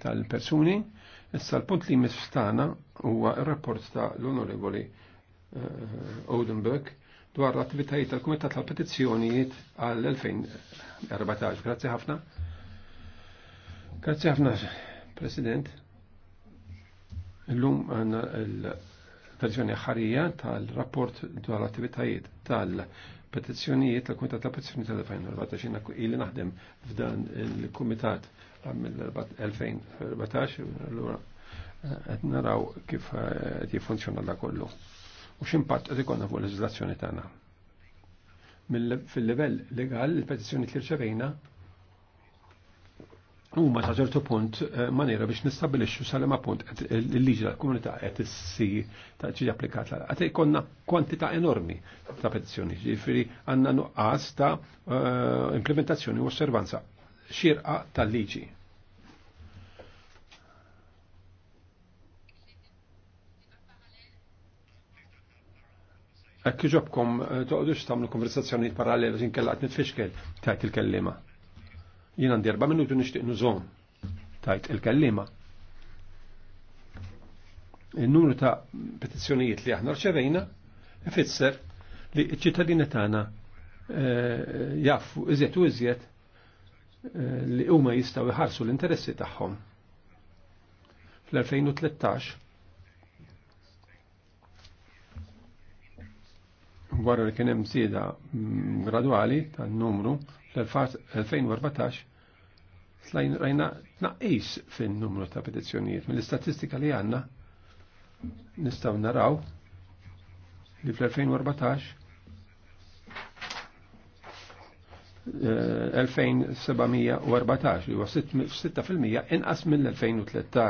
tal-persuni. Issa l-punt li mistana huwa r-rapport ta' l-Onorevoli eh, Odenberg dwar l-attivitajiet tal-Kumitat tal-Petizzjonijiet għal-2014. Grazzi ħafna. Grazzi ħafna, President. Illum għanna l-verżjoni ħarija tal-rapport dwar l-attivitajiet tal-petizzjonijiet tal-Kumitat tal-Petizzjonijiet tal-2014. Jina il naħdem f'dan il-Kumitat mill-2014 l eh, qed naraw kif eh, qed jiffunzjona da kollu. U x'impatt qed ikollna fuq l-leġiżlazzjoni tagħna. Fil-livell legal il-petizzjoni li rċevejna huma ta' ċertu punt eh, maniera biex nistabilixxu salema punt il-liġi tal-komunità qed issi ta' ġi applikata. Qed ikollna kwantità enormi ta' petizzjoni, jiġifieri għandna nuqqas ta' implementazzjoni u osservanza xirqa tal-liġi Ekk ġobkom eh, toqdux tamlu konversazzjoni paralleli xin kella t fiskel, tajt il-kellima. Jien għandi erba minuti nishtiq nużom, tajt il-kellima. Il-numru ta' petizzjonijiet li aħna rċevejna ifisser li ċ-ċittadini tagħna eh, jaffu iżjed u iżjed eh, li huma jistgħu jħarsu l-interessi tagħhom. Fl-2013 wara li kien hemm sieda mm, gradwali tan-numru fl-2014 slajn rajna tnaqqis fin-numru ta' petizzjonijiet. Mill-istatistika li għandna nistgħu naraw li fl-2014 2714 eh, li huwa 6% inqas mill-2013.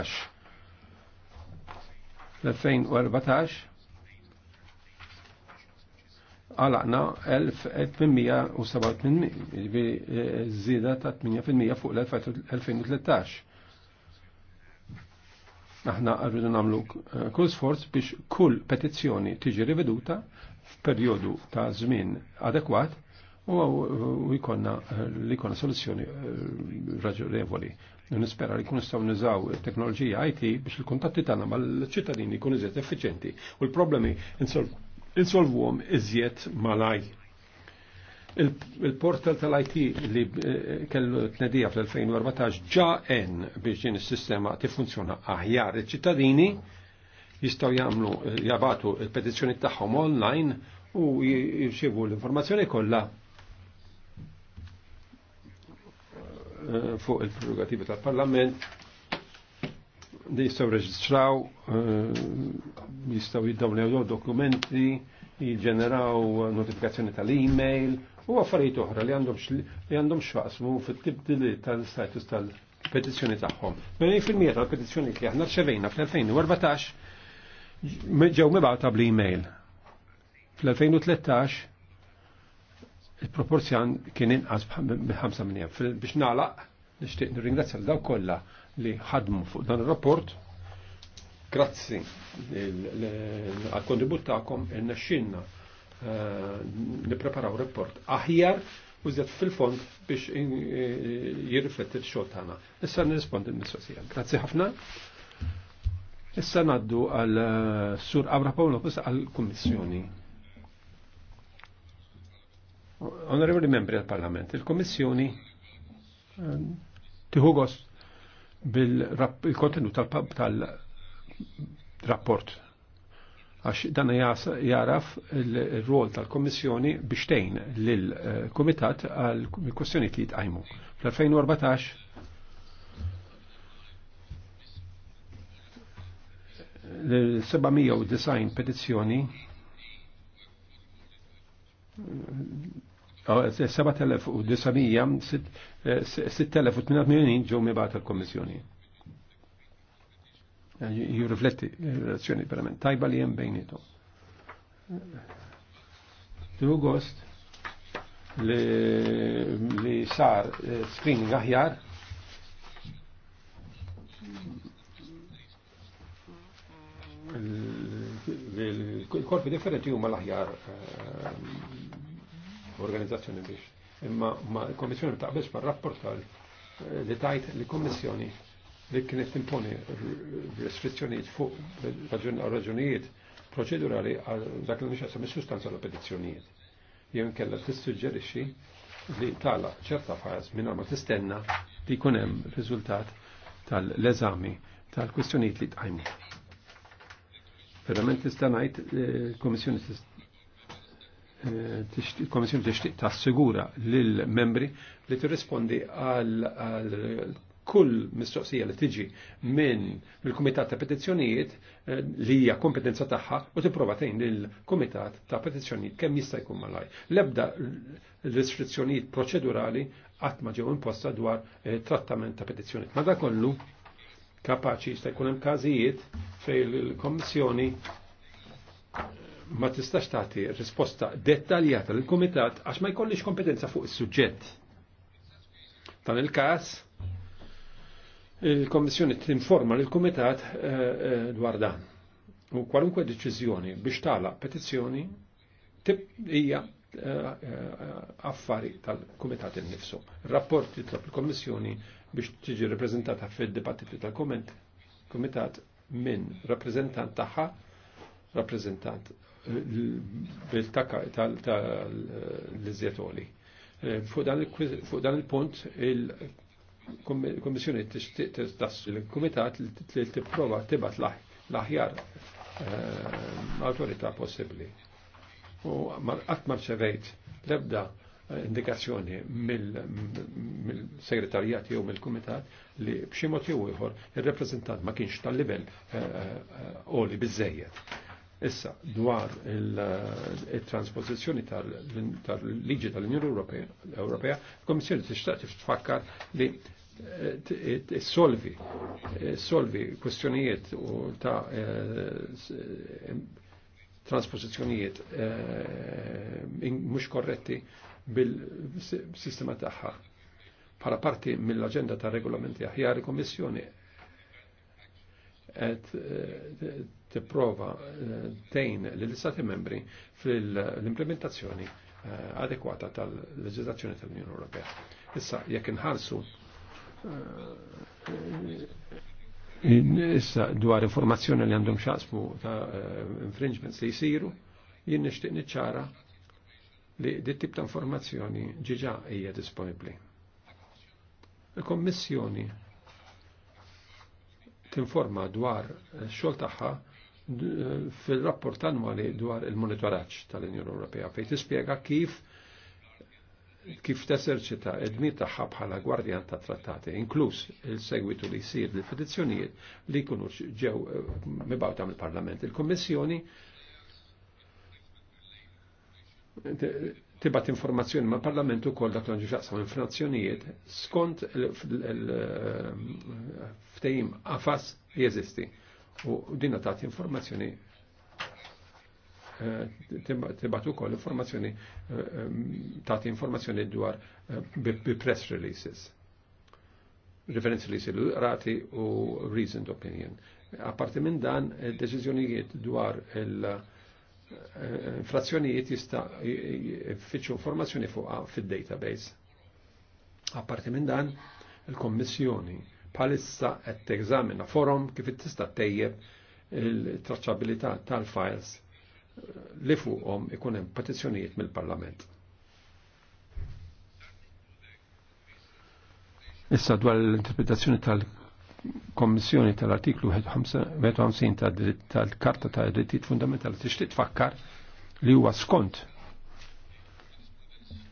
L-2014 għalaqna 1887 eh, zida ta' 8% fuq l-2013. Aħna rridu namlu eh, kull sforz biex kull petizzjoni tiġi riveduta f'perjodu ta' żmien adekwat u jkonna eh, li jkonna soluzzjoni raġunevoli. Nispera li kun nistaw nizaw teknoloġija IT biex il-kontatti tagħna mal-ċittadini jkunu iżjed effiċenti u l-problemi insolvu għom iżjed malaj. Il-portal tal-IT li eh, kellu tnedija fl-2014 ġa biex din is-sistema tiffunzjona aħjar. il ċittadini jistgħu jagħmlu eh, jabatu il-petizzjoni tagħhom online u jirċievu l-informazzjoni kollha eh, fuq il-prerogativi tal-Parlament jistaw reġistraw, jistaw jiddawnew dokumenti, jġeneraw notifikazzjoni tal-email u affarijiet oħra li għandhom xfasmu fit-tibdili tal-status tal-petizzjoni tagħhom. fil-mija tal-petizzjoni li aħna rċevejna fl-2014 ġew tabli bl-email. Fl-2013 il proporzjan kien inqas b'5 biex nagħlaq nixtieq nirringrazzja l-daw kollha li ħadmu fuq dan il-rapport. Grazzi għal-kontribut ta'kom il-naxxinna eh, nipreparaw rapport aħjar u zjed fil-fond biex eh, jirrifletti l-xogħol tagħna. Issa nirrispondi mis-sosija. Grazzi ħafna. Issa naddu għal eh, Sur Abra Pawlopis għal-Kummissjoni. Onorevoli membri għal-Parlament, il-Kommissjoni tiħu gost bil-kontenut tal-rapport. Għax dan jaraf il-rol tal-Komissjoni biex tgħin lill-Kumitat għal kwestjonijiet li jitqajmu. Fl-2014 l-790 petizzjoni 7900 ġew mibgħat il-Kommissjoni. Jirrifletti relazzjoni verament tajba li hemm bejnietom. Tu gost li sar screening aħjar il-korpi differenti huma l-aħjar organizzazzjoni biex. Imma ma l ta' biex ma rapport eh, li tajt li komissjoni li kienet timponi restrizzjonijiet fuq raġunijiet proċedurali għal dak li nixaqsam is-sustanza l petizzjonijiet. Jien kella tissuġġerixxi li tala ċerta faż minn ma tistenna li jkun hemm riżultat tal-eżami tal-kwistjonijiet li tqajmu. Verament tista' ngħid eh, il-Kummissjoni il-Komissjoni tixtieq tassigura lill-membri li tirrispondi għal kull mistoqsija li tiġi minn il-Kumitat ta' Petizzjonijiet eh, li hija kompetenza tagħha u tipprova tgħin lill-Kumitat ta' Petizzjonijiet kemm jista' jkun malaj. L-ebda restrizzjonijiet proċedurali qatt ma ġew imposta dwar eh, trattament ta' petizzjonijiet. Ma kapaċi jista' jkun hemm każijiet fejn il komissjoni ma tistax tagħti risposta dettaljata lill kumitat għax ma jkollix kompetenza fuq is-suġġett. Tan il-każ il-Kommissjoni tinforma lill kumitat eh, eh, dwar dan. U kwalunkwe deċiżjoni biex tagħlaq petizzjoni hija eh, affari tal-Kumitat innifsu. Rapporti jitlob il-Kommissjoni biex tiġi rappresentata fil-dibattitu tal-Kumitat minn rappresentant tagħha rappresentant bil-takka tal-Lizjetoli. Eh, fuq dan il-punt il-Kommissjoni tixtieq tistass il-Kumitat li tipprova tibat l-aħjar eh, autorità possibbli. U qatt ma rċevejt l-ebda eh, indikazzjoni mill-segretarjat jew mill-kumitat li b'xi mod jew ieħor ir-rappreżentant ma kienx tal-livell qoli biżejjed Issa, dwar eh, il-transpozizjoni tal-liġi tal-Unjoni Ewropea, il-Komissjoni tixtaq tfakkar li eh, solvi eh, solvi kwestjonijiet u ta' transpozizjonijiet mhux korretti bil-sistema tagħha. Para parti mill agenda ta' regolamenti aħjar il komissjoni tipprova eh, tejn lill-Istati membri fl-implementazzjoni eh, adekwata tal-leġislazzjoni tal-Unjoni Ewropea. Issa, jekk inħarsu eh, issa dwar informazzjoni li għandhom xaqsmu ta' infringements li jisiru, jien nixtieq niċċara li dit tip ta' informazzjoni ġiġa hija disponibbli. Il-Kommissjoni tinforma dwar xogħol tagħha fil-rapport annwali dwar il monitoraċ tal-Unjoni Ewropea fejn tispjega kif kif teserċita id-dmir tagħha bħala gwardjan ta' trattati, inkluż il-segwitu li jsir l-petizzjonijiet li jkunu ġew eh, mibgħuta mill-Parlament. Il-Kummissjoni tibat informazzjoni ma' parlament ukoll dak l-ġu xaqsam skont l eh, ftejim għafas jeżisti u dinna tagħti informazzjoni eh, tibatu kol informazzjoni eh, tagħti informazzjoni dwar eh, bi press releases referenzi li silu rati u reasoned opinion. Apparti minn dan, deċiżjonijiet dwar il- frazzjonijiet jista fitxu informazzjoni fuqa ah, fil-database. Apparti minn dan, il-kommissjoni palissa qed teżamina forum kif tista' tejjeb il-traċċabilità tal-files li fuqhom ikun hemm petizzjonijiet mill-Parlament. Issa dwar l-interpretazzjoni tal-Kommissjoni tal-artiklu 51 tal-Karta ta' Drittijiet Fundamentali tixtieq tfakkar li huwa skont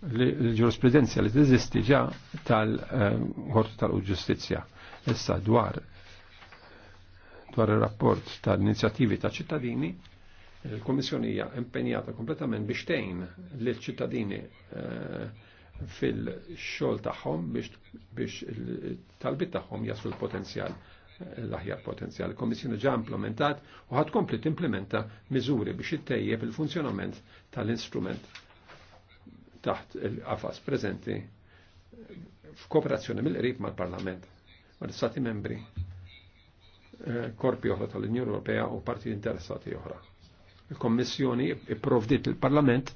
l-ġurisprudenza li teżisti ġa tal-Qorti tal-Ġustizzja Issa dwar dwar ir-rapport tal-inizjattivi ta' ċittadini, il-Komissjoni hija impenjata kompletament biex tgħin lil ċittadini eh, fil-xogħol tagħhom biex il-talbit tagħhom jaslu l-potenzjal l-aħjar potenzjal. Il-Komissjoni ġa implementat u ħad kompli timplementa miżuri biex ittejjeb il-funzjonament tal-instrument taħt il-qafas preżenti f'kooperazzjoni mill-qrib mal-Parlament ma l-Stati membri eh, korpi oħra tal-Unjoni Ewropea u parti interessati oħra. Il-Kommissjoni ipprovdiet il-Parlament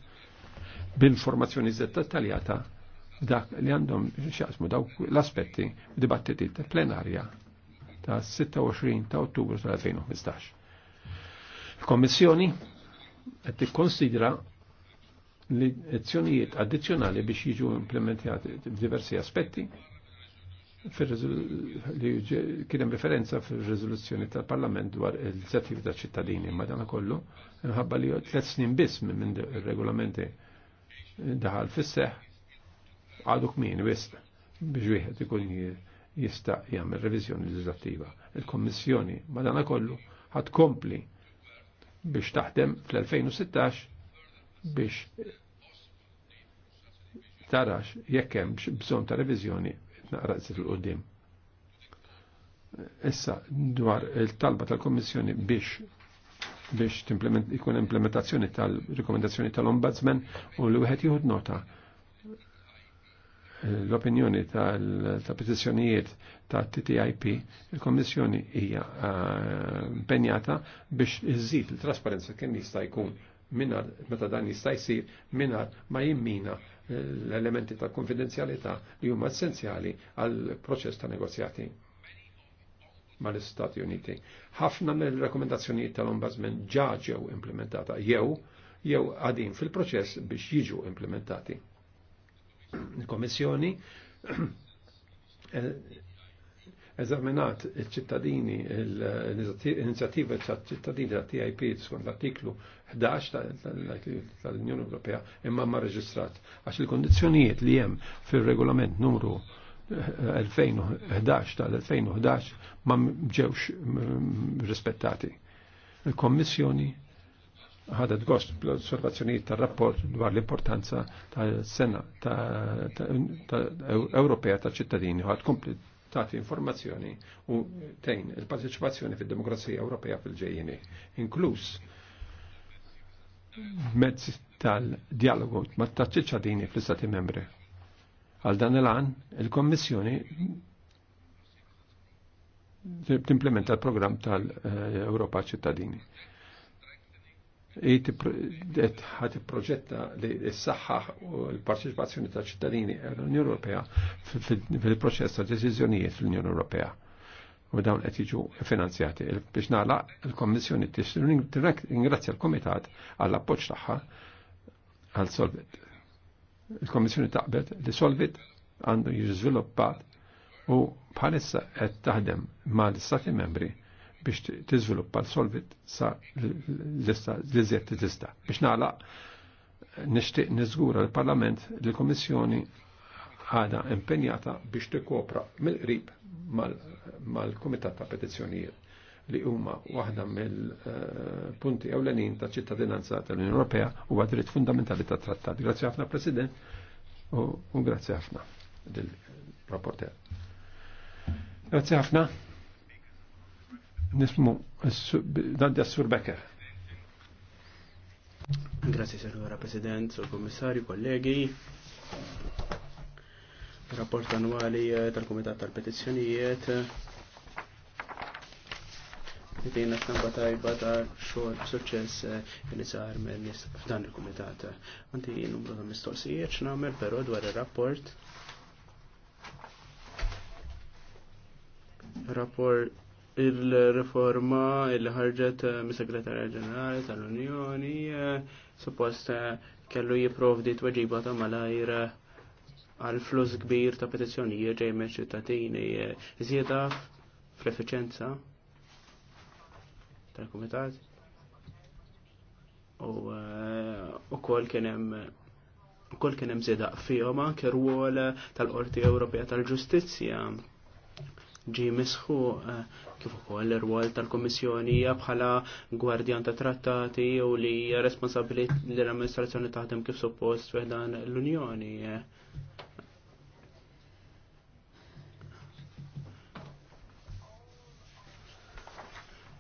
b'informazzjoni dettaljata dak li għandhom xaqsmu dawk l-aspetti dibattiti plenarja ta' 26 ta' ottubru tal-2015. Il-Kommissjoni qed tikkonsidra li azzjonijiet addizzjonali biex jiġu implementati f'diversi aspetti kienem referenza fil-rezoluzzjoni tal-Parlament dwar il zettivi ta' ċittadini, ma dan kollu nħabba li tlet snin biss minn regolamenti daħal fis-seħ għadu kmin wisq biex wieħed ikun jista' jagħmel reviżjoni leġislattiva. Il-Kommissjoni ma dan kollu ħad kompli biex taħdem fl-2016 biex tarax jekk hemm bżonn ta' reviżjoni naqra fil-qoddim. Issa dwar il-talba tal-Kommissjoni biex biex ikun implementazzjoni tal-rekomendazzjoni tal-Ombudsman u li wieħed jieħu nota l-opinjoni tal-petizjonijiet ta' TTIP, il-Kommissjoni hija eh, impenjata biex iżżid il-trasparenza kemm jista' jkun minar, meta dan jista' jsir, minar ma jimmina eh, l-elementi ta' konfidenzjalità li huma essenzjali għal proċess ta' negozjati mal istati Uniti. Ħafna mill-rekomendazzjonijiet tal-Ombudsman ġa ġew implementata jew jew għadin fil-proċess biex jiġu implementati. Il-Komissjoni eh, eżaminat il-ċittadini, l-inizjattiva ċittadini ta' TIP skont l-artiklu 11 tal-Unjoni Ewropea imma ma reġistrat. Għax il-kondizjonijiet li hemm fil-regolament numru 2011 tal-2011 ma ġewx rispettati. Il-Kommissjoni ħadet gost bl-osservazzjonijiet tar-rapport dwar l-importanza tal-sena Ewropea ta' ċittadini u komplet. kompli tati informazzjoni u tejn il-parteċipazzjoni fid-demokrazija Ewropea fil-ġejjini, inkluż mezz tal-dialogu ma' taċċiċċadini fl-Istati membri. Għal dan il-għan, il-Kommissjoni timplementa l-programm tal-Europa ċittadini ħat proġetta li s saxħa u l-parteċipazzjoni ta' ċittadini l-Unjoni Ewropea fil-proċess ta' deċiżjonijiet fl-Unjoni Ewropea. U dawn qed jiġu finanzjati. Biex nagħlaq il-Kommissjoni ingrazzja l-Komitat għall appoġġ tagħha għal Solvit. Il-Kommissjoni taqbet li Solvit għandu jiżviluppat u bħalissa qed taħdem ma' l-Stati membri biex tiżviluppa l-solvit sa l t tista. Biex naħla, nixtieq niżgura l-Parlament l-Komissjoni għada impenjata biex tikkopra mill-qrib mal-Kumitat ta' Petizzjonijiet li huma waħda mill-punti ewlenin ta' ċittadinanza tal-Unjoni Ewropea huwa dritt fundamentali ta' trattat. Grazzi ħafna President u grazzi ħafna il rapporter Grazzi ħafna. Nismu, Dante Assur Becker. Grazie, Signora President, Sur Commissario, kollegi. Rapport annuali eh, tal-Komitat tal-Petizzjonijiet. Nidina stampa tajba ta' xor b'suċċess li eh, sar minn f'dan il komitat Għanti numru ta' mistoqsijiet x'nagħmel però dwar il-rapport. Rapport il-reforma il ħarġet eh, mis-Segretarja Ġenerali tal-Unjoni eh, suppost eh, kellu jiprovdi tweġiba ta' malajr għal flus kbir ta' petizzjonijiet ġej meċ-ċittatini zjeda fl-efficienza tal-Kumitat u kol kien hemm kienem kien hemm żieda tal-Qorti Ewropea tal-Ġustizzja ġi misħu eh, kif ukoll ir-rwol tal-Kummissjoni bħala gwardjan ta' trattati u li responsabbli l-amministrazzjoni taħdem kif suppost fiħdan l-Unjoni.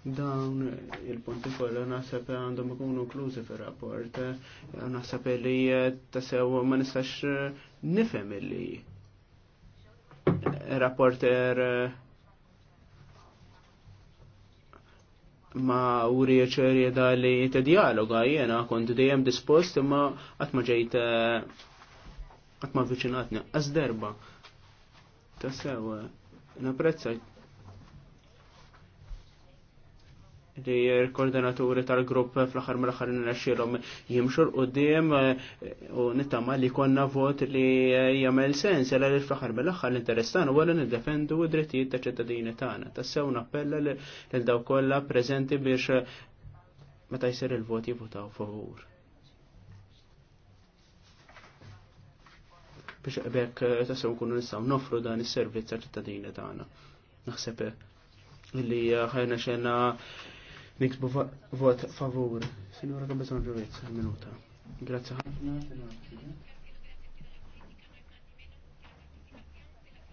dawn il-punti kollha naħseb għandhom ikunu inklużi fir-rapport. Naħseb li tasew ma nistax nifhem illi rapporter eh, ma urieċ da li te dialoga jena kont dejjem dispost imma ma ġejt eh, ma viċinatni għaz darba ta' sewa eh, li l-koordinaturi tal-grupp fl-axar mill-axar n-naxxilom jimxur u dim eh, u nittama li konna vot li jamel sens għal li fl-axar mill-axar l-interessan u għal n-defendu drittijiet ta' ċittadini tagħna. Tassew nappella l-daw kollha preżenti biex meta jsir il-vot jivutaw favur. biex bekk eh, tassew nkunu nistgħu nofru dan is-servizz ta' ċittadini tagħna. Naħseb li ħajna xena niksbu vot favur. Signora Gambezon Ġurizz, minuta. Grazie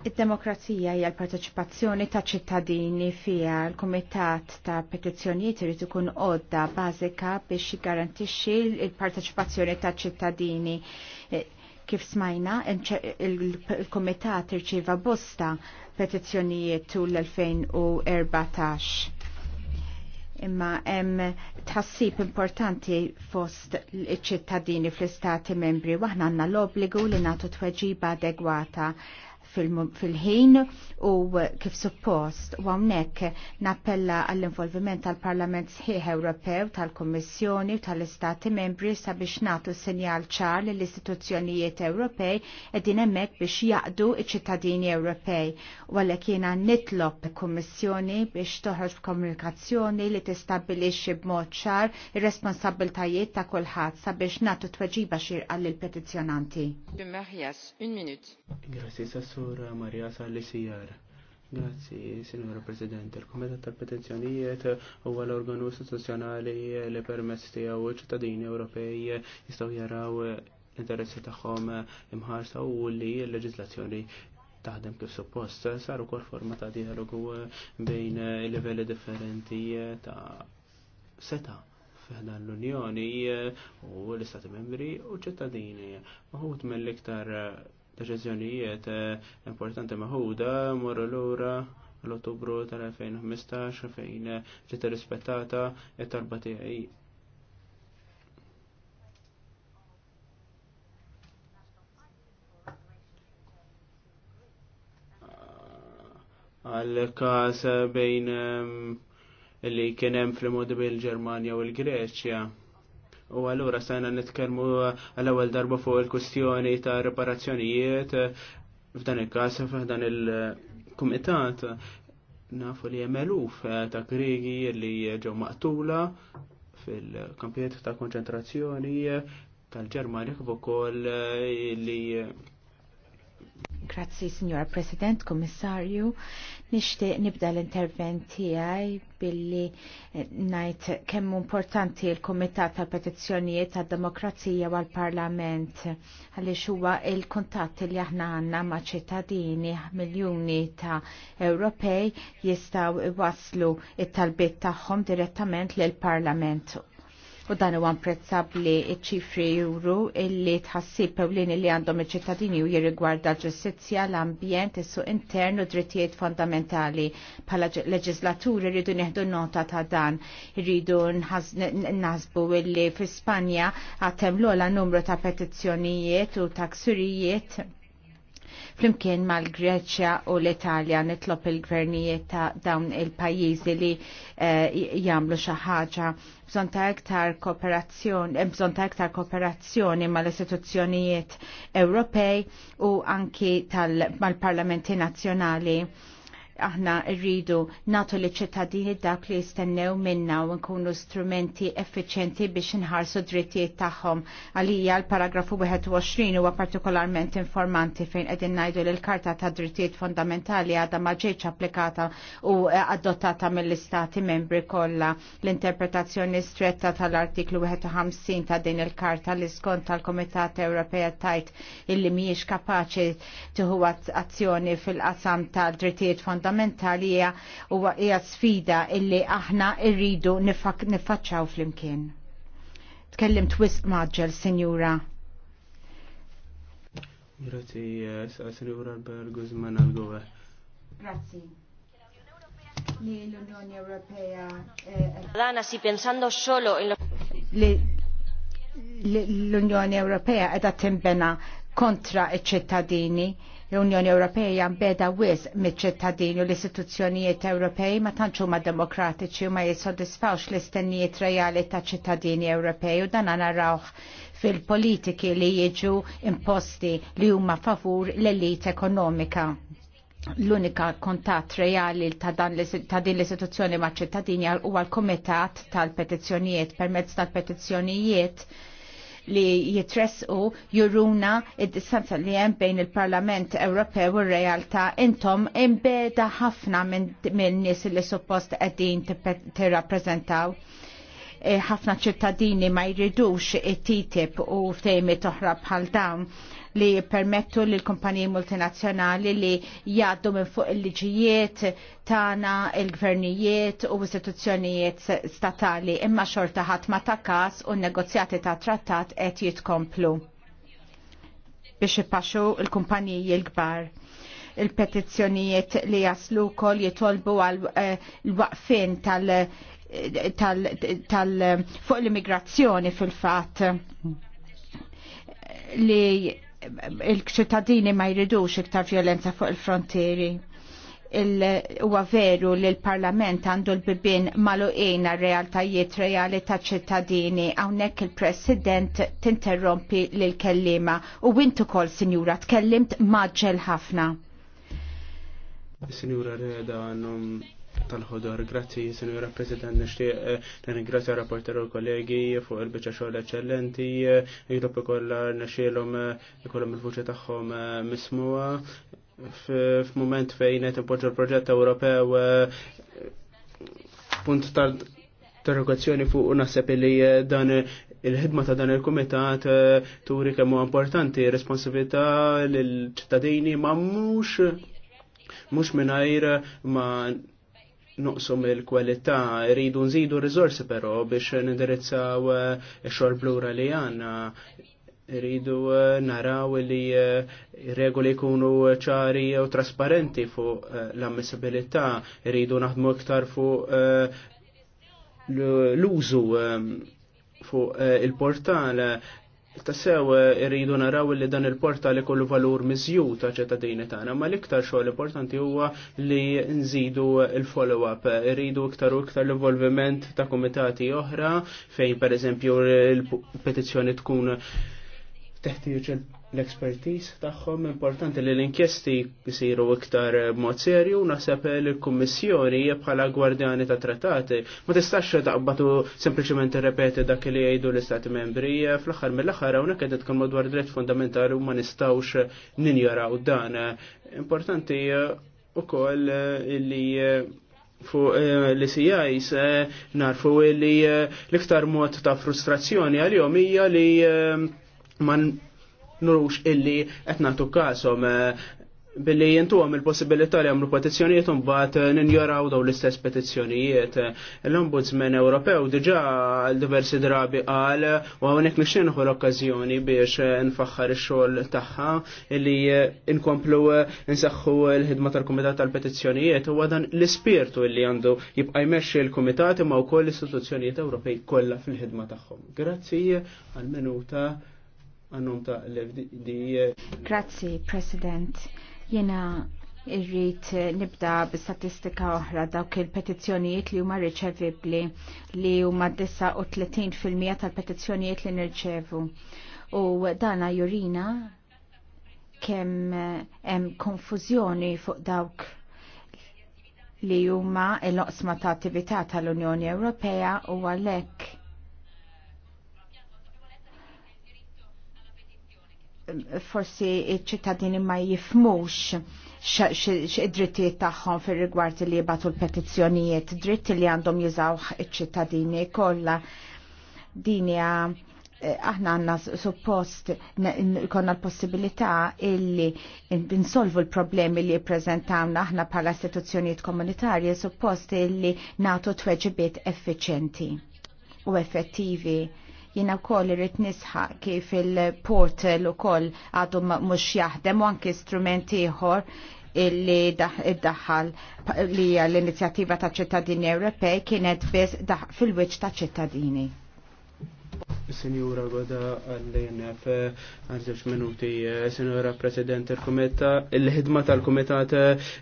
Id-demokrazija hija l-parteċipazzjoni ta' ċittadini fiha l-Kumitat ta' Petizzjonijiet irid ikun għodda bażika biex jiggarantixxi l-parteċipazzjoni ta' ċittadini. E, kif smajna, il-Kumitat irċieva bosta petizzjonijiet tul l-2014 imma hemm tħassib importanti fost iċ-ċittadini fl-istati membri waħna għandna l-obbligu li nagħtu tweġiba adegwata fil-ħin u kif suppost u għamnek nappella għall-involviment tal-Parlament sħiħ Ewropew, tal-Kommissjoni u tal-Istati membri sabiex natu sinjal ċar l istituzzjonijiet Ewropej edin emmek biex jaqdu iċ-ċittadini Ewropej. U għallek jena nitlob Kommissjoni biex toħroġ komunikazzjoni li tistabilixi b'mod ċar ir-responsabiltajiet ta' kulħadd sabiex natu tweġiba xirqa lill-petizzjonanti. un minut. Grazie, Sassu. Signora Maria Salisijar. Grazzi, Signora President. Il-Komitat tal-Petenzjonijiet huwa l-organu istituzzjonali li permess tiegħu ċittadini Ewropej jistgħu jaraw interessi tagħhom imħarsa u li l-leġislazzjoni taħdem kif suppost. Sar ukoll forma ta' dialogu bejn livelli differenti ta' seta' fiħna l-Unjoni u l-Istati Membri u ċittadini. Maħut mill-iktar deċizjonijiet eh, importanti maħuda morru l-ura l-Ottubru tal-2015 fejn ġiet rispettata it-talba tiegħi. għal-kas bejn ehm, li kienem fl-modi bil-Germania u l-Greċja. U għallura sajna nitkelmu għal-ewwel darba fuq il-kustjoni ta' reparazzjonijiet f'dan il-każ f'dan il-kumitat nafu li jemeluf ta' Gregi li ġew maqtula fil-kampijiet ta' konċentrazzjoni tal ġermanik kif ukoll li Grazzi, Signor President, Kommissarju. Nishti nibda l-intervent tiegħi billi eh, najt kemm importanti l-Kumitat tal-Petizzjonijiet tad-Demokrazija għal parlament għaliex huwa il kontat li aħna għandna ma' ċittadini miljuni ta' Ewropej jistgħu waslu it-talbiet tagħhom direttament lill-Parlament U dan huwa imprezzabbli ċ-ċifri juru illi tħassib pewlin li għandhom iċ-ċittadini u jirrigwarda ġustizzja, l-ambjent, is-suq intern u drittijiet fondamentali. pala leġislaturi rridu neħdu nota ta' dan, rridu naħsbu illi fi Spanja għatem l-ola numru ta' petizzjonijiet u ta' ksurijiet flimkien mal-Greċja u l-Italja nitlob il-gvernijiet ta' dawn il-pajjiżi li eh, jagħmlu xi ħaġa. Bżonn ta' iktar kooperazzjoni, eh, bżonn ta' iktar kooperazzjoni mal-istituzzjonijiet Ewropej u anki tal-parlamenti nazzjonali aħna rridu natu li ċittadini dak li jistennew minna u nkunu strumenti effiċenti biex nħarsu drittijiet tagħhom. Għalija l-paragrafu 21 huwa partikolarment informanti fejn qegħdin ngħidu li l-Karta ta' Drittijiet Fondamentali għadha ma ġietx applikata u adottata mill-Istati membri kollha. L-interpretazzjoni stretta tal-artiklu 51 ta' din il-Karta li skont tal-Komitat Ewropea tajt illi mhijiex kapaċi tieħu azzjoni fil-qasam tal-drittijiet fondamentali fundamentali hija sfida illi aħna rridu niffaċċaw flimkien. Tkellim twist maġġel, Sinjura. Grazzi, eh, Sinjura Albert Guzman Algove. Grazie Grazzi. l-Unjoni Ewropea. Dana si pensando solo in l-Unjoni Ewropea edha timbena kontra iċ-ċittadini. L-Unjoni Ewropea beda wis mit-ċittadini u l-istituzzjonijiet Ewropej ma tantx huma demokratiċi u ma jissodisfawx l-istennijiet reali ta' ċittadini Ewropej u dan narawh fil-politiki li jiġu imposti li huma favur l-elit ekonomika l-unika kontat reali ta' din l-istituzzjoni ma' ċittadini huwa l-Kumitat tal-Petizzjonijiet permezz tal-Petizzjonijiet li jitresqu juruna id-distanza li hemm bejn il-Parlament Ewropew u r-realtà intom imbeda ħafna minn nies li suppost qegħdin tirrappreżentaw. Eh, ħafna ċittadini ma jridux it-TTIP u ftejmi toħra bħal dawn li permettu li l-kumpaniji multinazzjonali li jgħaddu minn fuq il-liġijiet tana, il-gvernijiet u istituzzjonijiet statali imma xorta ħadd ma ta' kas u negozjati ta' trattat qed jitkomplu biex ipaxxu l-kumpaniji l-kbar il-petizzjonijiet li jaslu kol jitolbu għal eh, l-waqfin tal- tal, tal fuq l-immigrazzjoni fil-fat li il-ċittadini ma jridux iktar violenza fuq il-frontieri. Huwa veru li l-Parlament għandu l-bibin maluqina realtajiet reali ta' ċittadini hawnhekk il-President tinterrompi l kellima u wintu kol sinjura tkellimt maġġel ħafna. Signora Reda, tal-ħodor. Grazzi, Senjora President, nishtiq eh, nirringrazzja rapporter u kollegi fuq il-bicċa xogħol eċċellenti, jgħidu kollha nixxielhom eh, ikollhom il-vuċi tagħhom eh, mismuha. F'mument fejn qed impoġġu l-proġett Ewropew punt tal-interrogazzjoni fuq naħseb li dan il-ħidma ta' dan il-komitat turi kemm importanti responsabilità lill ċittadini ma' mhux mhux mingħajr ma' nuqsum il-kwalità, rridu nżidu r-rizorsi però biex nindirizzaw x-xogħol eh, blura li għanna. Rridu eh, naraw li eh, regoli jkunu ċari u trasparenti fuq l-ammissibilità, rridu naħdmu iktar fuq l-użu fuq il-portal Tassew eh, irridu naraw li dan il-portal kollu valur mizju ta' ċittadini tagħna, ma l-iktar xogħol importanti huwa li nżidu il-follow-up, irridu iktar u iktar l-involviment ta' komitati oħra fejn pereżempju il-petizzjoni tkun teħtieġ l expertise tagħhom importanti li l-inkjesti jsiru iktar eh, mod serju naħseb li l-Kummissjoni bħala gwardjani ta' trattati ma tistax taqbatu sempliċement irrepeti dak li jgħidu l-Istati Membri eh, fl-aħħar mill-aħħar hawnhekk qed tkun madwar dritt fundamentali u ma nistgħux eh, ninjaraw dan. Importanti ukoll li fuq li jajs narfu li l-iktar mod ta' frustrazzjoni għal-jom hija li man nurux illi qed nagħtu kasom eh, billi jentu għam il-possibilità li għamlu petizzjonijiet un bat eh, ninjoraw daw l-istess petizzjonijiet. L-Ombudsman Ewropew diġa diversi drabi għal u għonek nixinħu l-okkazjoni biex eh, nfaxħar il-xol taħħa illi inkomplu nsaxħu l-ħidma tal-Komitat tal-Petizzjonijiet u għadan l-spirtu illi għandu jibqa jmexxi l-Komitat imma u koll l-istituzzjonijiet Ewropej kollha fil-ħidma tagħhom. Grazzi għal-minuta għannum ta' l Grazzi, President. Jena irrit nibda b-statistika oħra dawk il-petizzjonijiet li huma riċevibli li huma 39% tal-petizzjonijiet li nirċevu. U dana jurina kemm eh, hemm konfużjoni fuq dawk li huma l-oqsma ta' attività tal-Unjoni Ewropea u għalhekk forsi ċittadini ma jifmux id-drittijiet tagħhom fir-rigward li jibatu l-petizzjonijiet, dritti li għandhom jizaw iċ-ċittadini kollha dinja eh, aħna għanna suppost konna l-possibilità illi insolvu l-problemi li prezentawna aħna pala istituzzjonijiet komunitarje suppost illi natu tweġibiet effiċenti u effettivi Jina wkoll irrid nisħa kif il-portal ukoll għadu mhux jaħdem u anki strumenti ieħor illi iddaħħal li l-inizjattiva ta' ċittadini Ewropej kienet biss fil-wiċċ ta' ċittadini. Senjura għoda għallejnef għazzeċ minuti, Senjura President il kometa il-ħidma tal kometat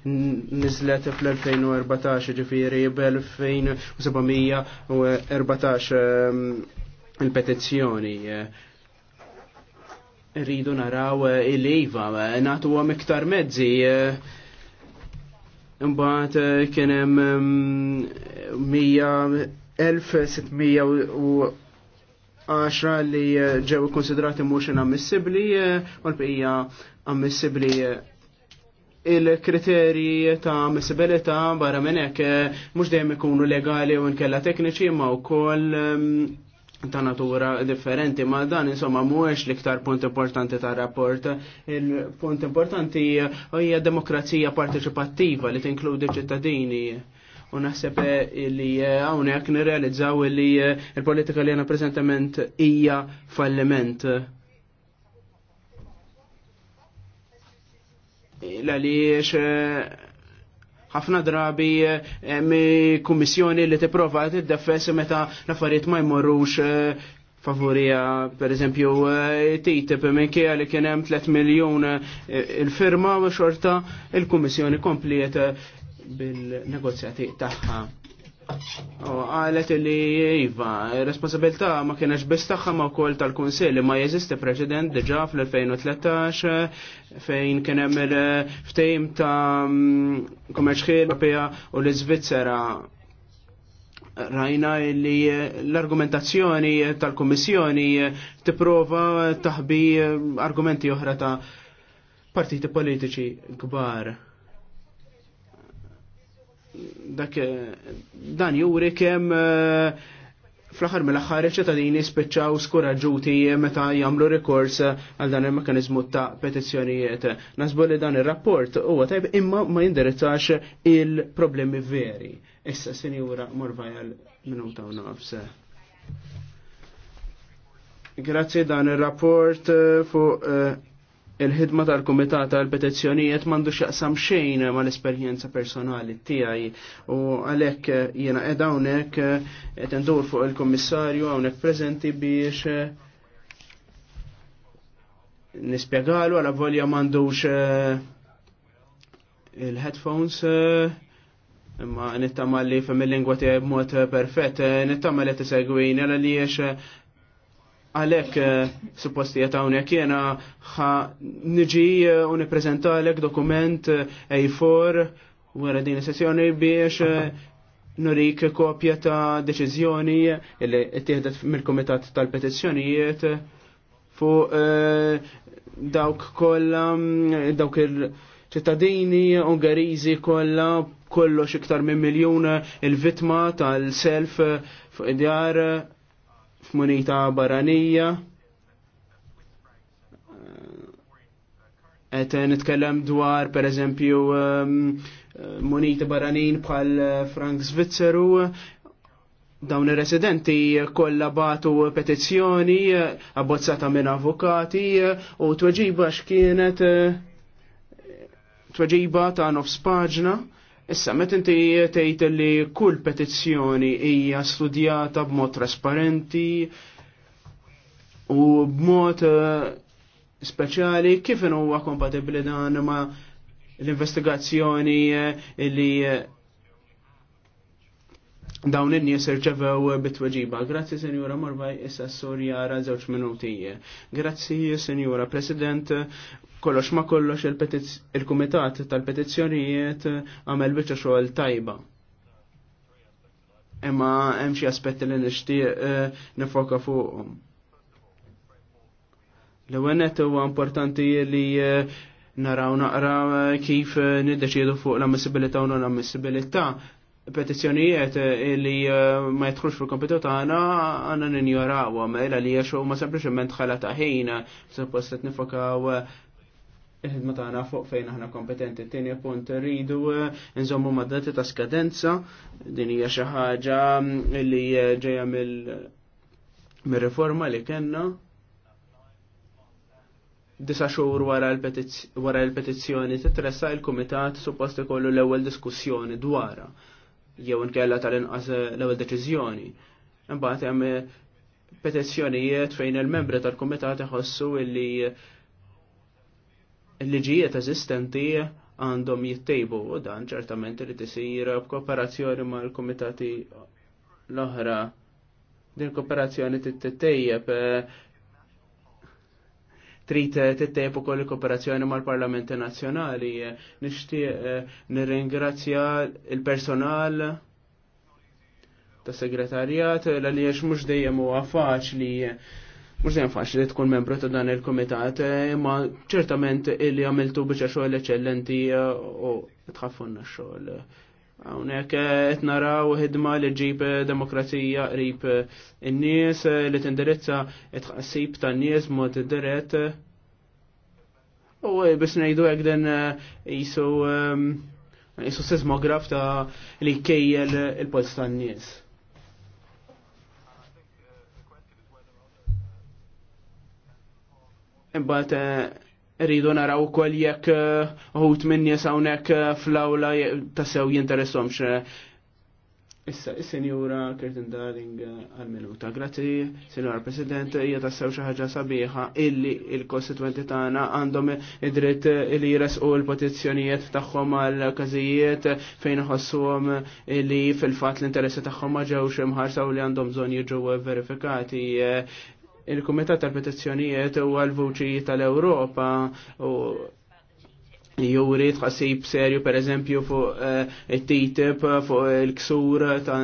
nizlet fl-2014 ġifiri b-2714 il-petizzjoni eh, rridu naraw eh, il lejva eh, natu għam iktar mezzi. Mbaħt kienem 1610 li ġew konsidrati mux inammissibli, u l-bqija ammissibli il-kriterji ta' ammissibilità barra minn hekk mhux dejjem ikunu legali u nkella tekniċi ma' wkoll mm, ta' natura differenti, ma dan insomma mhuwiex l-iktar punt importanti ta' rapport. Il-punt importanti hija demokrazija partecipattiva li tinkludi ċittadini. U naħseb li hawnhekk nirrealizzaw li l-politika li għana preżentament hija falliment. l li ħafna drabi eh, mi kummissjoni li tipprova defess meta l-affarijiet ma jmorrux eh, favorija per eżempju eh, minn kja li kien hemm 3 miljun il-firma u xorta il-Kummissjoni kompliet bil-negozjati tagħha. Għalet li jiva, responsabilta ma kienax biss tagħha ma wkoll tal-Kunsill ma jeżisti preċedent diġà fl-2013 fejn kien hemm il-ftehim ta' mm, kummerċ Ewropea u l-Iżvizzera rajna li l-argumentazzjoni tal-Kummissjoni tipprova taħbi argumenti oħra ta' partiti politiċi kbar dak eh, dan juri kemm eh, fl-aħħar mill-aħħar iċ-ċittadini spiċċaw skoraġġuti meta jagħmlu rikors għal dan il-mekkaniżmu ta' petizzjonijiet. Nasbu li dan ir-rapport huwa tajb imma ma jindirizzax il-problemi veri. Issa sinjura Morvajal minuta u nofs. Grazzi dan ir-rapport eh, fuq il-ħidma tal-Kumitat tal-Petizzjonijiet mandu xaqsam xejn mal-esperjenza personali tiegħi u għalhekk jiena qed hawnhekk qed indur fuq il-Kummissarju hawnhekk preżenti biex nispjegalu għal volja mandux eh, il-headphones eh, imma nittama li fem il-lingwa tiegħi b'mod perfett eh, nittama li tisegwini għal li għalek eh, suppostijiet hawnhekk jiena ħa niġi eh, u nippreżentalek dokument eh, A4 wara din is-sessjoni biex nurik kopja ta' deċiżjoni li ttieħdet mill-Kumitat tal-Petizzjonijiet fu dawk kollha mm, dawk il-ċittadini ungarizi kolla kollox iktar minn miljun il-vitma tal-self fuq id-djar F'munita barranija. Eh, et nitkellem dwar, per eżempju, ehm, eh, munita barranin bħal eh, Frank Svizzeru, dawn ir-residenti kollha batu petizzjoni abbozzata minn avukati u tweġiba x'kienet tweġiba ta' nofs paġna Issa, met inti tgħid li kull petizzjoni hija studjata b'mod trasparenti u b'mod eh, speċjali kif huwa kompatibbli dan ma' l-investigazzjoni eh, li eh, dawn in-nies irċevew bitweġiba. Grazzi Senjura Morvaj, issa s ra żewġ minuti. Grazzi Senjura President, kollox ma kollox il-Kumitat tal-Petizzjonijiet għamel biċċa xogħol tajba. Imma hemm xi aspetti li nixtieq eh, nifoka fuqhom. L-ewwel huwa importanti li eh, naraw naqra eh, kif niddeċiedu fuq l-ammissibilità u non-ammissibilità petizzjonijiet eh, li eh, ma jitħux fil kompetu tagħna għandna ninjorawha mela li għax huma sempliċement ħala ta' ħin suppost qed nifokaw eh, il-ħidma tagħna fuq fejn aħna kompetenti. Tieni punt rridu nżommu mad-dati ta' skadenza din hija xi ħaġa mm, li ġejja mill-riforma li kellna disa xhur wara l-petizzjoni titressa il-kumitat suppost ikollu l-ewwel diskussjoni dwarha jew nkella tal-inqas eh, l-ewwel deċiżjoni. Imbagħad hemm eh, petizzjonijiet fejn il-membri tal-kumitat iħossu li eh, l-liġijiet eżistenti għandhom jittejbu u dan ċertament li tisir b'kooperazzjoni mal kumitati l-oħra. Din kooperazzjoni tittejjeb trid eh, tittejb ukoll kooperazzjoni mal-Parlamenti Nazzjonali. Nixtieq eh, nirringrazzja l personal ta' segretarjat eh, l-għaliex mhux dejjem huwa faċli Mux dejjem faċli tkun membru ta' dan il-komitat, imma ċertament illi għamiltu biex xogħol eċċellenti u tħaffunna x-xogħol. Hawnhekk qed naraw ħidma li ġib demokrazija qrib in-nies li t-indirizza tindirizza ta' n nies mod dirett. U bis nejdu għek den jisu jisu ehm, sismograf ta' li kejjel il-post ta' n nies Imbagħad rridu naraw ukoll jekk eh, uħut minn nies hawnhekk eh, fl-awla tasew jinteressomx. Issa, is-senjura Kirtin Darling eh, għal-minuta. Grazzi, senjura President, hija tassew xi ħaġa sabiħa illi il-kostituenti tagħna għandhom id-dritt li jresqu l-petizzjonijiet tagħhom għal każijiet fejn iħossuhom li fil-fatt l-interessi tagħhom ma ġewx imħarsa u li għandhom bżonn jiġu verifikati il-Kumitat tal-Petizzjonijiet u għal-Vuċi tal-Ewropa u jurid tħassib serju per eżempju fuq eh, it-TTIP, fuq il-ksur ta'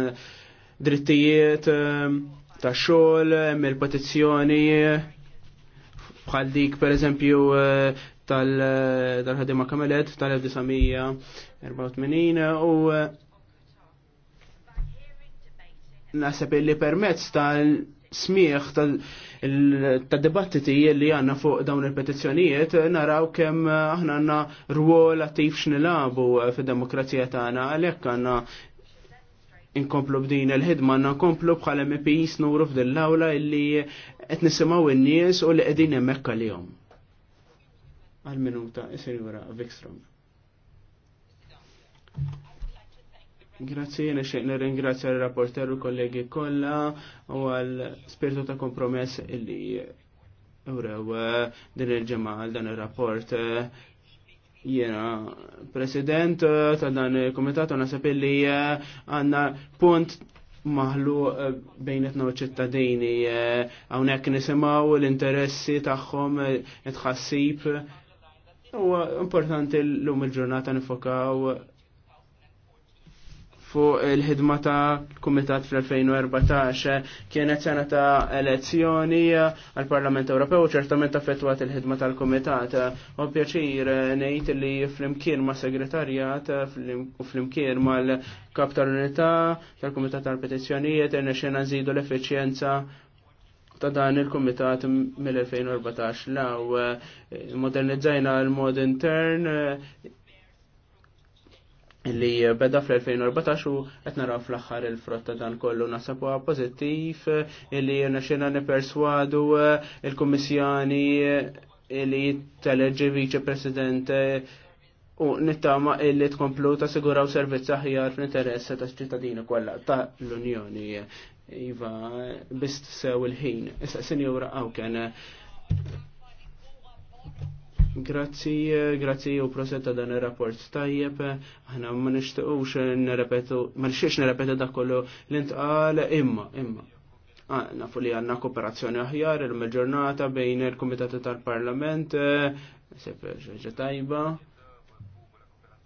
drittijiet eh, ta' xogħol, mill petizzjoni bħal dik per eżempju eh, tal-ħadima kamelet tal-1984 u nasab li permezz tal- smieħ ta' dibattiti li għanna fuq dawn il-petizzjonijiet naraw kem aħna għanna rwol attiv xnilabu fil-demokrazija tagħna għalhekk għanna inkomplu b'din il-ħidma għanna nkomplu bħala MPs fdin l-awla illi qed nisimgħu in-nies u li qegħdin hemmhekk għalihom. Għal-minuta, sinjura Vikstrom. Grazie jena xeqna ringrazzja l-rapporteru kollegi kolla u għal spirtu ta' kompromess illi urew eh, din il-ġemma għal dan il-rapport. Eh, jena president eh, ta' dan il-komitatu nasab illi għanna punt maħlu bejnetna u ċittadini għawnek nisimaw l-interessi tagħhom tħassib u importanti l-lum il-ġurnata nifokaw fuq il-ħidma ta' kumitat fl-2014 kienet sena ta' elezzjoni għal Parlament Ewropew u ċertament affettwat il-ħidma tal-kumitat. U pjaċir ngħid li flimkien ma' segretarjat u flimkien mal-kap tal-unità tal-kumitat tal-petizzjonijiet xena nżidu l-effiċjenza ta' dan il-komitat mill-2014 law modernizzajna l-mod intern li beda fl-2014 u qed naraw fl-aħħar il-frotta dan kollu nasabu pożittiv illi naxina niperswadu eh, il-Kummissjoni eh, illi tal-ġi Viċi President eh, u nittama illi tkomplu ta' siguraw servizz aħjar fl interessa ta' ċittadini kollha ta' l-Unjoni. Iva, bist sew il-ħin. Issa, sinjura, għaw kien Grazzi, grazzi u prosetta dan il-rapport tajjeb, ħana ma nishtiqux ma nixtiex nerepetu da kollu l-intqal imma, imma. Ah, nafu li għanna kooperazzjoni aħjar il-ġurnata bejn il-Komitatu tal-Parlament, sepp ġeġa tajba.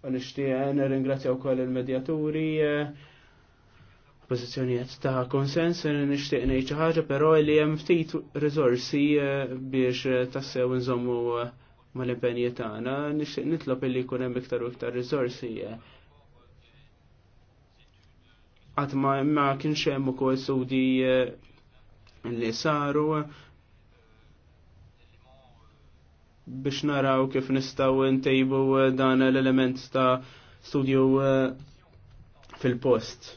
U ringrazzja u wkoll il-medjaturi pożizzjonijiet ta' konsens nixtieq ngħid xi ħaġa però li hemm ftit rizorsi biex tassew nżommu mal-impenji tagħna, nixtieq nitlob illi jkun hemm iktar u iktar riżorsi. Qatt eh. ma ma kienx hemm ukoll sudi eh, li saru eh, biex naraw kif nistgħu ntejbu dan l-element ta' studju fil-post.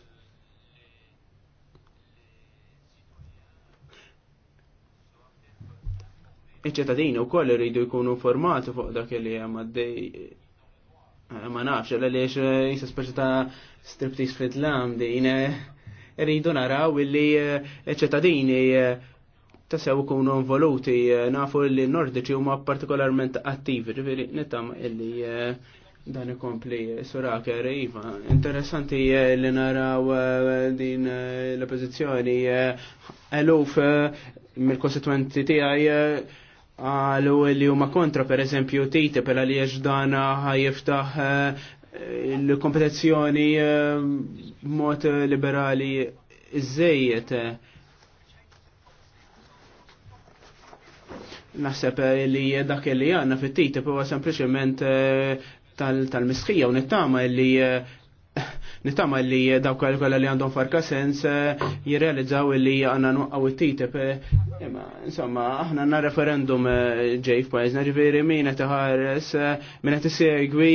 iċ-ċittadini wkoll iridu jkunu formati fuq dak li hemm għaddej eh, ma nafx, għaliex eh, jisa speċi ta' striptease fl din eh, rridu naraw illi ċittadini ta' sew kunu involuti nafu li nordiċi huma partikolarment attivi, ġifieri nittam illi dan ikompli Suraker Iva. Interessanti li naraw din l-oppożizzjoni eluf mill-kostituenti tiegħi għalu li huma kontra per eżempju tejte pela li ġdana eh, jiftaħ eh, l-kompetizzjoni eh, mod liberali iżejjed. Naħseb li dak li għanna fit-tejte huwa sempliċement tal-miskija u nittama li Nittama li dawk kolla li għandhom farka sens eh, jirrealizzaw li għanna nuqqaw il titip eh, Imma, insomma, aħna għanna referendum eh, ġej f'pajzna ġiviri minna taħares, minna t-segwi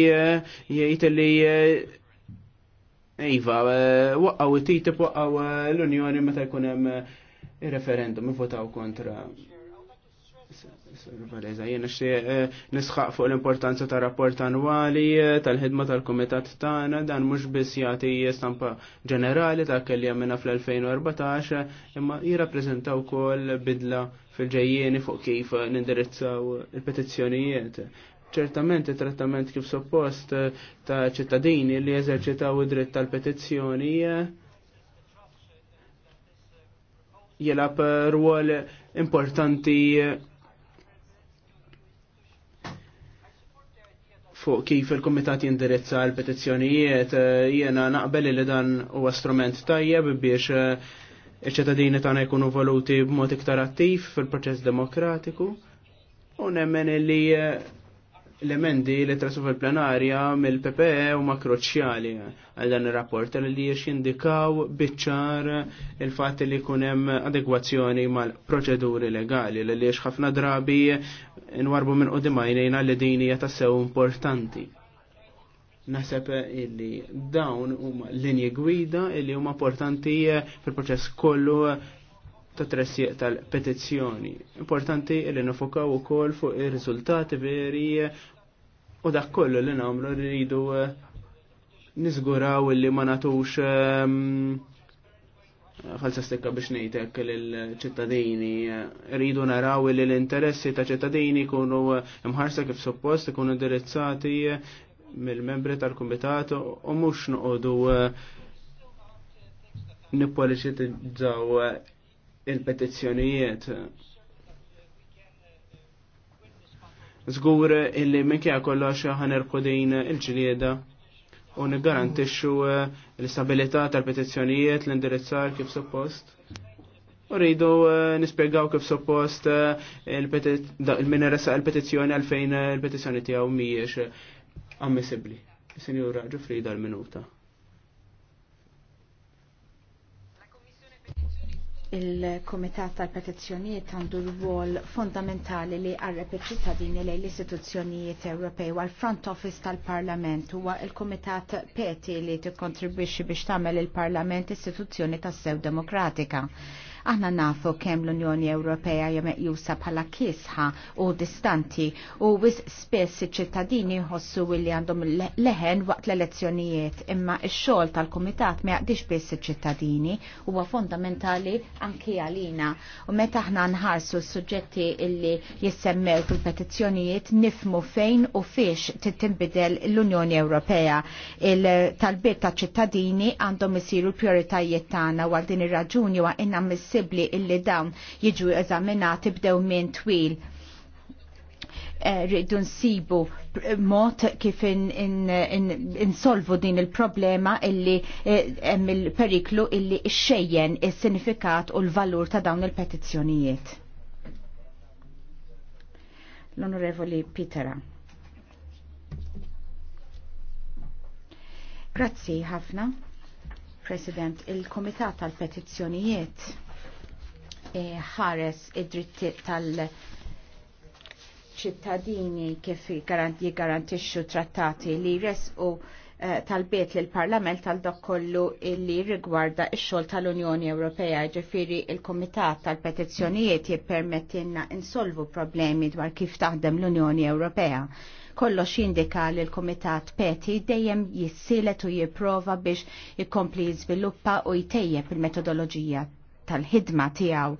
jgħid li Iva, waqqaw it-titip, waqqaw l-Unjoni meta jkun hemm referendum, votaw kontra. Valeza, jena eh, nisħaq fuq l-importanza ta' rapport annwali eh, tal-ħidma tal-komitat tagħna dan mhux biss jagħti stampa ġenerali ta' kelli għamilna fl-2014 imma jirrappreżentaw ukoll bidla fil-ġejjieni fuq kif nindirizzaw il-petizzjonijiet. Ċertament it-trattament kif suppost eh, ta' ċittadini li jeżerċitaw id-dritt tal-petizzjoni jelab rwol importanti fuq kif il-Komitat jindirizza l-petizzjonijiet, eh, jiena naqbel li dan huwa strument tajjeb biex eh, iċ-ċittadini tagħna jkunu voluti b'mod iktar attiv fil-proċess demokratiku u nemmen li eh, l-emendi li trasu fil-plenarja mill-PPE u ma kruċjali għal dan ir-rapport li jiex jindikaw biċċar il fat li kunem adegwazzjoni mal-proċeduri legali li jiex ħafna drabi nwarbu minn qudimajnejna li dini jatassew importanti. Naseb illi dawn huma linji gwida illi huma importanti fil-proċess kollu ta' tressi tal-petizzjoni. Importanti li nifokaw ukoll fuq ir-riżultati veri U dak kollu li namlu rridu eh, nizguraw li ma natux ehm, ħalsa stekka biex nejtek l-ċittadini. Rridu naraw li l-interessi ta' ċittadini kunu eh, mħarsa kif suppost, kunu indirizzati eh, mill-membri tal-komitat u mux nuqodu nippoliċizzaw il-petizzjonijiet. Zgur illi minkja kollox ħanerqu il-ġlieda u niggarantixxu eh, l-istabilità tal-petizzjonijiet l-indirizzar kif suppost. U rridu eh, nispjegaw kif suppost eh, il-min il-petizzjoni għalfejn il-petizzjoni tiegħu mhijiex ammissibbli. Sinjura Ġufrida l-minuta. il-Komitat tal-Petizzjonijiet għandu rwol fondamentali li għarreb iċ-ċittadini lejn l-istituzzjonijiet Ewropej għal front office tal-Parlament huwa il-Komitat Peti li tikkontribwixxi biex tagħmel il-Parlament istituzzjoni tas-sew demokratika. Aħna nafu kemm l-Unjoni Ewropea hija meqjusa bħala kisħa u distanti u wis spess iċ-ċittadini jħossu li għandhom leħen waqt l-elezzjonijiet imma x-xogħol tal-Kumitat ma jaqdix biss iċ-ċittadini huwa fondamentali anki għalina u meta aħna nħarsu s-suġġetti illi jissemmew fil-petizzjonijiet nifmu fejn u fiex tittinbidel l-Unjoni Ewropea il-talbiet ta' ċittadini għandhom isiru prioritajiet tagħna għal din ir-raġuni wa inna mis possibbli illi dawn jiġu eżaminati bdew minn twil eh, rridu nsibu mod kif insolvu din il-problema illi eh, hemm il-periklu illi xejjen is-sinifikat u l-valur ta' dawn il-petizzjonijiet. L-Onorevoli Pitera. Grazzi ħafna, President, il-Komitat tal-Petizzjonijiet ħares id-dritti tal- ċittadini kif jgarantixxu trattati li u eh, tal-biet l parlament tal-dak kollu illi rigwarda ix-xogħol tal-Unjoni Ewropea, ġifiri il-Kumitat tal-Petizzjonijiet jippermettilna insolvu problemi dwar kif taħdem l-Unjoni Ewropea. Kollox xindika li l-Kumitat Peti dejjem jissilet u jipprova biex jikompli jiżviluppa u jtejjeb il-metodoloġija tal-ħidma tiegħu.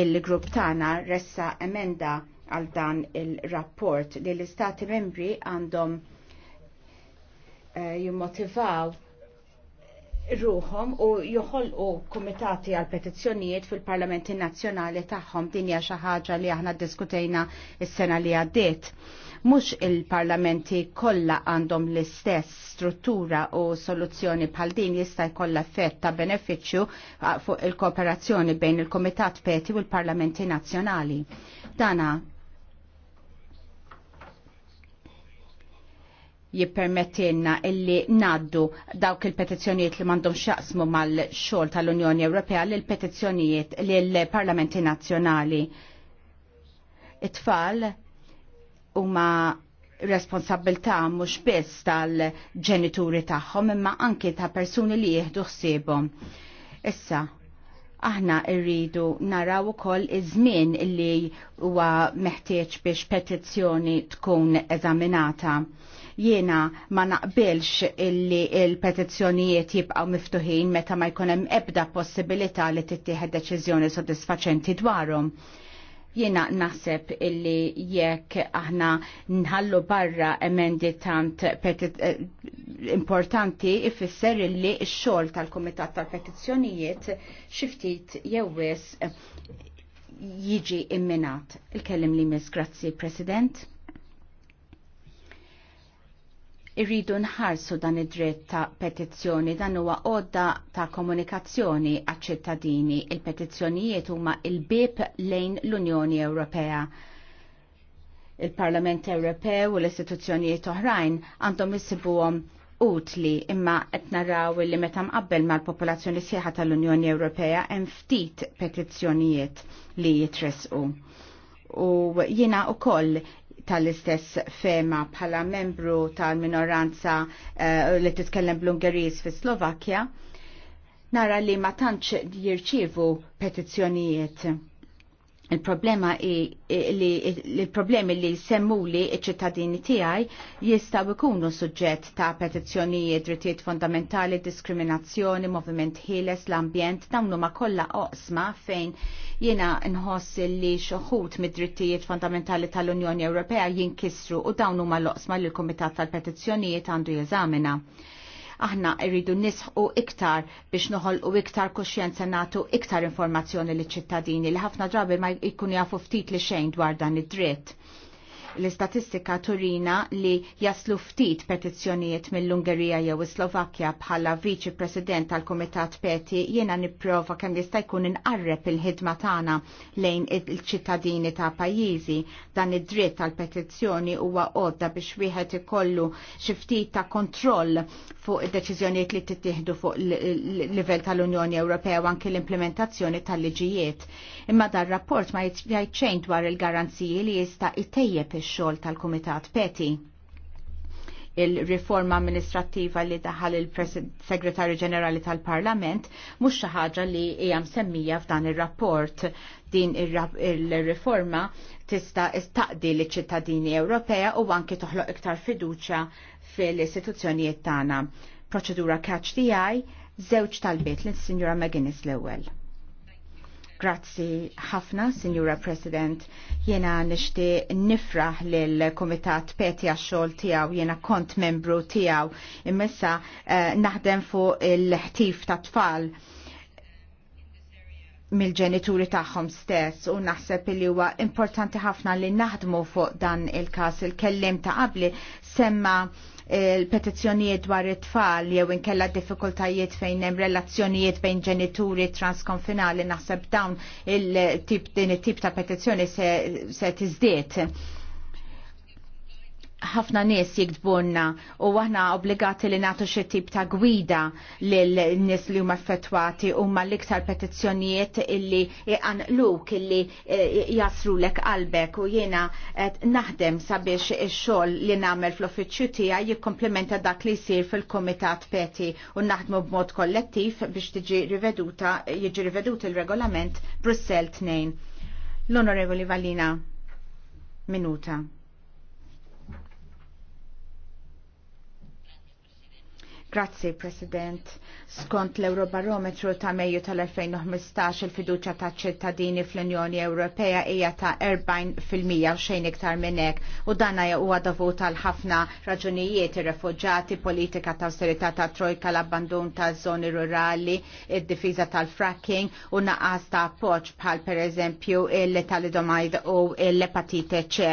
Il-grupp tagħna ressa emenda għal dan il-rapport li l-istati membri għandhom uh, jimmotivaw ruħom u joħolqu komitati għal petizzjonijiet fil-parlamenti nazzjonali tagħhom dinja xi ħaġa li aħna diskutejna s-sena li għaddiet Mux il-parlamenti kolla għandhom l-istess struttura u soluzzjoni bħal din jista' jkollha effett ta' beneficju fuq il-kooperazzjoni bejn il-Komitat Peti u l-Parlamenti Nazzjonali. Dana jippermettilna illi naddu dawk il-petizzjonijiet li mandom xaqsmu mal-xol tal-Unjoni Ewropea l petizzjonijiet l-Parlamenti Nazzjonali. It-tfal huma responsabilta mhux biss tal-ġenituri tagħhom imma anke ta' persuni li jieħdu ħsiebhom. Issa, aħna rridu naraw ukoll iż-żmien li huwa meħtieġ biex petizzjoni tkun eżaminata. Jiena ma naqbilx illi il-petizzjonijiet jibqaw miftuħin meta ma jkun hemm ebda possibilità li tittieħed deċiżjoni sodisfaċenti dwarhom Jiena naħseb illi jekk aħna nħallu barra emendi tant eh, importanti ifisser illi x-xogħol tal-Kumitat tal-Petizzjonijiet xi ftit jew wis eh, jiġi imminat. Il-kellim li miss, grazzi President irridu nħarsu dan id-dritt ta' petizzjoni dan huwa għodda ta' komunikazzjoni għaċ-ċittadini. Il-petizzjonijiet huma il-bib lejn l-Unjoni Ewropea. Il-Parlament Ewropew u l-istituzzjonijiet oħrajn għandhom issibuhom utli imma qed naraw li meta mqabbel mal-popolazzjoni sieħa tal-Unjoni Ewropea hemm ftit petizzjonijiet li jitresqu u jiena u koll tal-istess fema bħala membru tal-minoranza uh, li titkellem bl-Ungerijs fi Slovakkja, nara li ma tantx jirċivu petizzjonijiet Il-problema li il-problemi li semmuli iċ-ċittadini tiegħi jistgħu jkunu suġġett ta' petizzjonijiet, drittijiet fondamentali, diskriminazzjoni, moviment ħieles, l-ambjent, dawn huma kollha oqsma fejn jiena nħoss li xoħut mid-drittijiet fondamentali tal-Unjoni Ewropea jinkisru u dawn huma l-oqsma li l-Kumitat tal-Petizzjonijiet għandu jeżamina Aħna irridu nisħu iktar biex noħolqu iktar kuxjenza natu iktar informazzjoni li ċittadini li ħafna drabi ma jkunu jafu ftit li xejn dwar dan id-dritt L-istatistika turina li jaslu ftit petizzjonijiet mill-Ungerija jew Slovakkja bħala viċi president tal-Komitat Peti jiena nipprova kemm jista' jkun inqarreb il-ħidma tagħna lejn il-ċittadini ta' pajjiżi dan id-dritt tal-petizzjoni huwa għodda biex wieħed ikollu xi ftit ta' kontroll fuq id-deċiżjonijiet li tittieħdu fuq livell tal-Unjoni Ewropea u anke l-implementazzjoni tal-liġijiet. Imma dan rapport ma jgħid xejn dwar il-garanziji li jista' ittejjeb xogħol tal-Kumitat Peti il-riforma amministrattiva li daħal il-Segretarju Ġenerali tal-Parlament mhux xi ħaġa li hija msemmija f'dan ir-rapport. Din ir-riforma tista' istaqdi liċ ċittadini Ewropea u anki toħloq iktar fiduċja fil-istituzzjonijiet tagħna. Proċedura catch zewċ żewġ talbiet l-Sinjura McGinnis l-ewwel. Grazzi ħafna, Signora President. Jena nishti nifraħ l-Komitat Peti għaxol tijaw, jena kont membru tijaw, immessa eh, naħdem fuq il-ħtif ta' tfal mill-ġenituri tagħhom stess u naħseb li huwa importanti ħafna li naħdmu fuq dan il-każ il-kellim ta' qabli semma' il-petizzjonijiet dwar it-tfal jew inkella diffikultajiet fejn hemm relazzjonijiet bejn ġenituri transkonfinali naħseb dawn il-tip din it-tip ta' petizzjoni se, se tiżdied ħafna nies jikdbunna u aħna obbligati li nagħtu xi tip ta' gwida lil nies li huma effettwati huma l-iktar petizzjonijiet illi luk illi e, lek qalbek u jiena naħdem sabiex ix-xogħol li nagħmel fl-uffiċċju tija jikkomplementa dak li jsir fil-Kumitat Peti u naħdmu b'mod kollettiv biex tiġi riveduta jiġi riveduta il-regolament Brussell 2. L-Onorevoli Valina, minuta. Grazzi, President. Skont l-Eurobarometru ta' Mejju tal-2015 il-fiduċa ta' ċittadini fl-Unjoni Ewropea hija ta' 40% u xejn iktar minn hekk u dan huwa dovut għal ħafna raġunijiet ir-refuġati, politika ta' austerità ta' trojka, l-abbandun ta' żoni rurali, id-difiża tal-fracking u naqas ta' appoġġ bħal pereżempju il talidomajd u l-epatite ċe.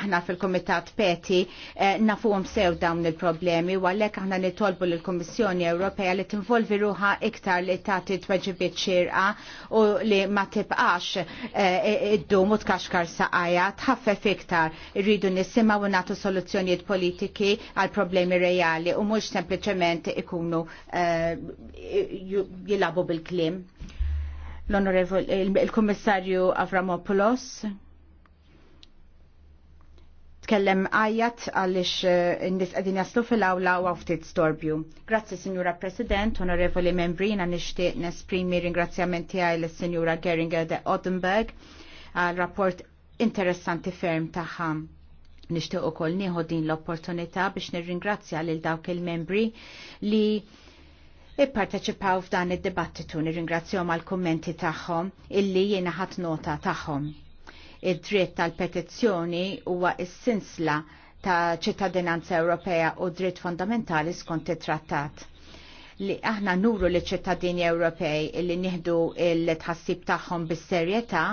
Aħna fil-Kumitat Peti eh, nafuhom sew dawn il-problemi u għalhekk aħna nitolbu nitolbu l komissjoni Ewropea li tinvolvi ruħa iktar li tagħti tweġibiet xirqa u li ma tibqax eh, id-dum u tkaxkar saqajja tħaffef iktar irridu nisimgħu u natu soluzzjonijiet politiki għal problemi reali u mhux sempliċement ikunu eh, jilabu bil-klim. l komissarju il-Kummissarju Avramopoulos tkellem għajat għalix eh, nis għedin jaslu fil-awla u għaftit storbju. Grazzi, Signora President, onorevoli membri, għan nishtiq nesprimi ringrazzjamenti għaj l-Signora Geringer de Odenberg għal rapport interessanti ferm taħħa. Nishtiq u koll nieħu din l-opportunità biex nirringrazzja lil dawk il-membri li ipparteċipaw f'dan id-dibattitu, nirringrazzjom għal kummenti tagħhom illi jena ħat nota tagħhom Id-dritt tal-petizzjoni huwa s-sinsla ta' ċittadinanza Ewropea u dritt fondamentali skont it-trattat li aħna nuru li ċittadini Ewropej li nieħdu il-tħassib tagħhom bis-serjetà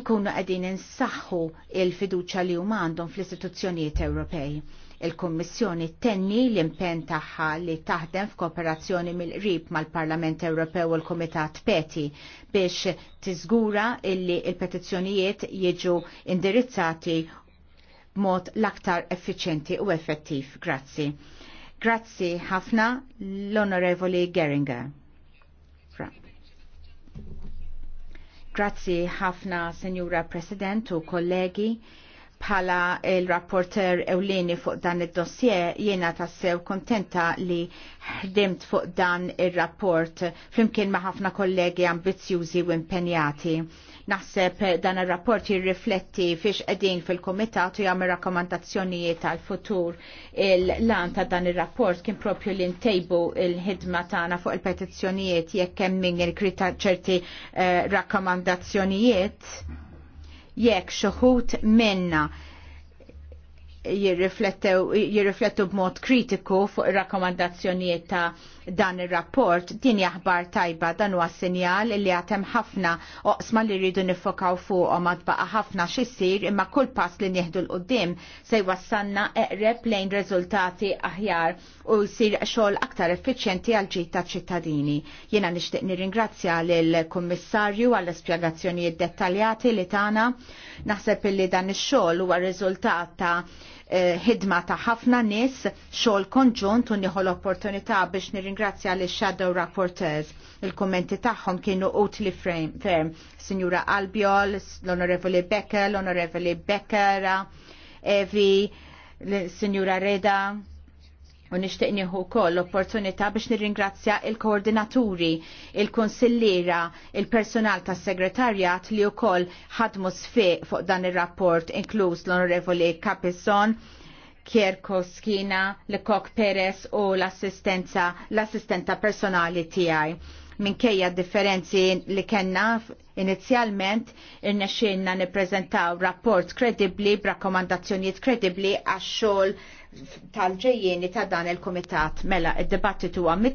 nkunu qegħdin insaħħu il-fiduċja li huma għandhom fl-istituzzjonijiet Ewropej. Il-Kommissjoni tenni l-impen tagħha li taħdem f'kooperazzjoni mill-qrib mal-Parlament Ewropew u l-Komitat Peti biex tiżgura illi il-petizzjonijiet jiġu indirizzati mod l-aktar effiċenti u effettiv. Grazzi. Grazzi ħafna l-Onorevoli Geringer. Grazzi ħafna, Senjura President u kollegi Bħala il-rapporter ewleni fuq dan il-dossier jiena tassew kontenta li ħdimt fuq dan il-rapport flimkien ma' ħafna kollegi ambizjużi u impenjati. Naħseb dan il-rapport jirrifletti fiex edin fil-komitat u jgħamil rakkomandazzjonijiet għal futur il-lan ta' dan il-rapport kien propju li ntejbu il-ħidma tagħna fuq il-petizzjonijiet jekk hemm min il-krita ċerti uh, rakkomandazzjonijiet jekk xuħut minna jirriflettu b'mod kritiku fuq ir-rakkomandazzjonijiet ta' dan ir-rapport, din jaħbar tajba dan huwa sinjal li għatem ħafna oqsma li rridu nifokaw fuqhom għad baqa' ħafna xisir imma kull pass li nieħdu l-qudiem se jwassanna eqreb lejn riżultati aħjar u jsir xogħol aktar effiċjenti għal ġid taċ-ċittadini. Jiena nixtieq nirringrazzja lill kummissarju għall espjegazzjonijiet dettaljati li tagħna. Naħseb illi dan ix-xogħol huwa riżultat ta' ħidma ta' ħafna nis xogħol konġunt u nieħu l-opportunità biex nirringrazzja l shadow rapporteurs. Il-kommenti tagħhom kienu utli ferm. Signora Albiol, l-Onorevoli Becker, l-Onorevoli Becker, Evi, l signora Reda, u nishtiq nieħu wkoll l-opportunità biex nirringrazzja il-koordinaturi, il-konsillira, il-personal tas segretarjat li wkoll ħadmu sfiq fuq dan ir-rapport inkluż l-Onorevoli Capison, Kierko Skina, Lekok Perez u l-assistenza l-assistenta personali tiegħi. Minkejja differenzi li kenna inizjalment irnexxinna nippreżentaw rapport kredibbli b'rakkomandazzjonijiet kredibbli għax-xogħol tal-ġejjeni ta' dan il-Komitat mela id-dibattitu għam